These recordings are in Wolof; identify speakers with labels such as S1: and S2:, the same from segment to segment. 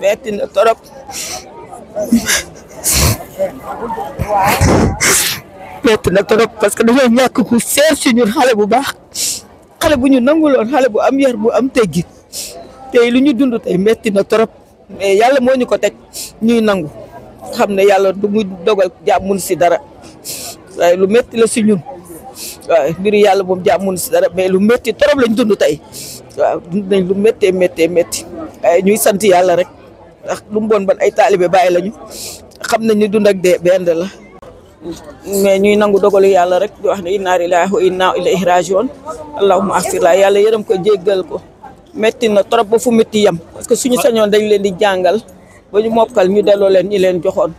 S1: metti na torop metti na torop parce que dañoo ñàkk ku seer si ñun xale bu baax xale bu ñu nanguloon xale bu am yar bu am teggin tey lu ñu dund tey metti na torop mais yàlla moo ñu ko teg ñuy nangu xam na yàlla du muy dogal jàmmun si dara waaye lu metti la si ñun waaw mbiru yàlla moom jàmmun si dara mais lu metti torop lañ dund tey waaw nañ lu méttee méttee métti waaye ñuy sant yàlla rek ndax lu mbon ban ay talibé baye lañu xamna ñu dund ak dé bénd la mais ñuy nangu dogal yalla rek di wax ni inna lillahi wa inna ilayhi rajiun allahumma aghfir la yalla yeeram ko jéggal ko metti na trop bu fu metti yam parce que suñu sañon dañ leen di jangal ba ñu mokal ñu delloo leen ñi leen joxoon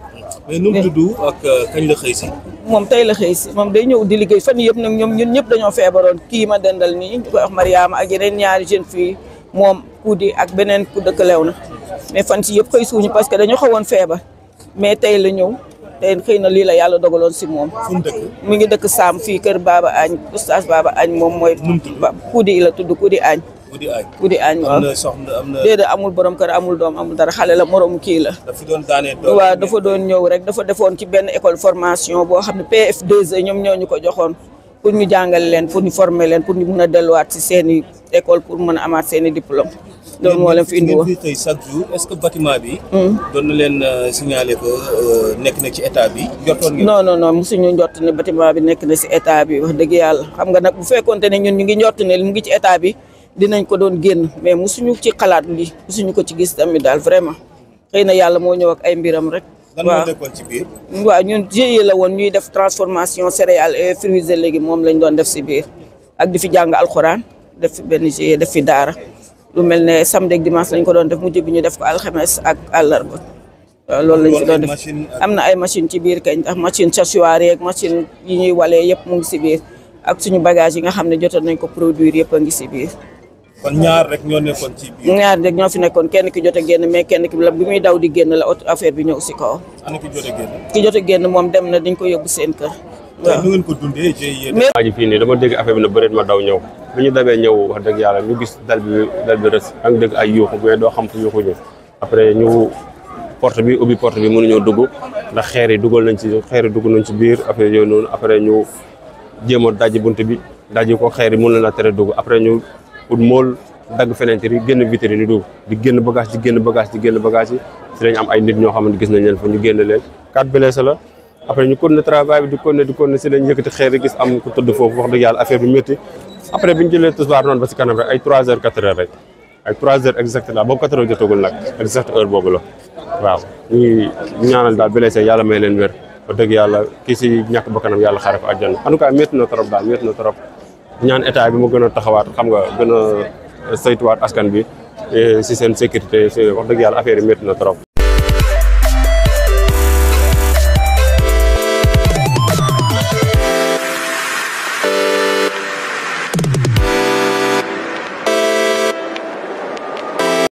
S1: mais num tuddu
S2: ak euh, kañ la xey ci
S1: mom tay la xey ci mom day ñew di liggéey fan yëpp nak ñom ñun ñëpp dañoo feebaroon ki ma dendal ni ñu koy wax mariama ak yeneen ñaari jeune fille moom Coudi ak beneen ku dëkk Léona mais fan si yëpp xëy suuñu parce que dañu xawoon feeba mais tey la ñëw tey xëy na lii la yàlla dogaloon si moom. mu ngi dëkk Saam fii kër Baba Agne oustaz Baba Agne moom mooy. Coudi la tudd Coudi Agne. Coudi Agne Coudi Agne waaw. déedéet amul borom kër amul doom amul dara xale la moromu kii la. dafa
S2: doon daanee doom waaw
S1: dafa doon ñëw rek dafa defoon ci benn école formation boo xam ne PF2E ñoom ñoo ñu ko joxoon pour ñu jàngale leen pour ñu former leen pour ñu mun a delluwaat si seen école pour mën a amaat
S2: seeni i diplôme
S1: moo leen fi indi woon
S2: tey chaque jour ce que bâtiment bi hmm. doon na leen euh, signaler que euh, nekk na ci état bi jotoon ngeen non
S1: non non mosuñu njott ne bi nekk na si état bi wax dëgg yàlla xam nga nag bu fekkonte ne ñun ñu ngi njott ne mu ngi ci état bi dinañ ko doon génn mais mosuñu ci xalaat li mosuñu ko ci gis tamit daal vraiment xëy na yàlla moo ñëw ak ay mbiram rek lan ci biir waaw ñun GIE la woon ñuy def transformation céréales et léegi et légumes moom lañ doon def si biir ak di fi jàng alxuraan def fi benn GIE def fi daara lu mel ne samedi ak dimanche ko doon def mujj bi ñu def ko alxames ak àllarba waaw loolu lañ fi doon def am na ay machine ci biir kañ ndax machine chassoir yeeg machine yi ñuy walee yëpp mu ngi si biir ak suñu bagage yi nga xam ne jotoon nañ ko produire yëpp a ngi si biir
S2: kon ñaar rek ñoo nekkoon ci
S1: ñaar rek ñoo fi nekkoon kenn ki jot a génn mais kenn ki la bi muy daw di génn la auto affaire bi ñëw si kaw. ki jot a génn. jot génn moom dem na dañ ko yóbbu seen kër.
S2: waaw ngeen ko dundee ci waa ji fii nii dama dégg affaire bi ne bëreet ma daw ñëw bi ñu dabee ñëw wax dëgg yàlla ñu gis dal bi dal bi rës ak dëgg ay yuuxu mais doo xam fu yuuxu ñu après ñu porte bi ubbi porte bi mënuñoo dugg ndax xeer dugal nañ ci xeer dugg nañ ci biir après yooyu noonu après ñu jéem a dajji bunt bi dajji ko xeer yi mën na la tere dugg après ñu ut mool dagg fenêtre yi génn vitre yi dugg di génn bagage di génn bagage di génn bagage yi si lañ am ay nit ñoo xamante gis nañ leen foo ñu génn leen quatre blessés la après ñu continuer travail bi di continuer di continuer si lañ yëkkati xeer gis am ku tëdd foofu wax dëgg yàlla affaire bi métti après bi ñu jëlee tisbaar noonu ba si kanam rek ay 3 daal blessé leen wér dëgg yàlla kii si ñàkk ba kanam yàlla xare ko àjjana en tout cas métti na trop na trop ñaan état bi mu gën a taxawaat xam nga gën a saytuwaat askan bi eh, si seen sécurité wax dëgg yàlla affaire yi métti na trop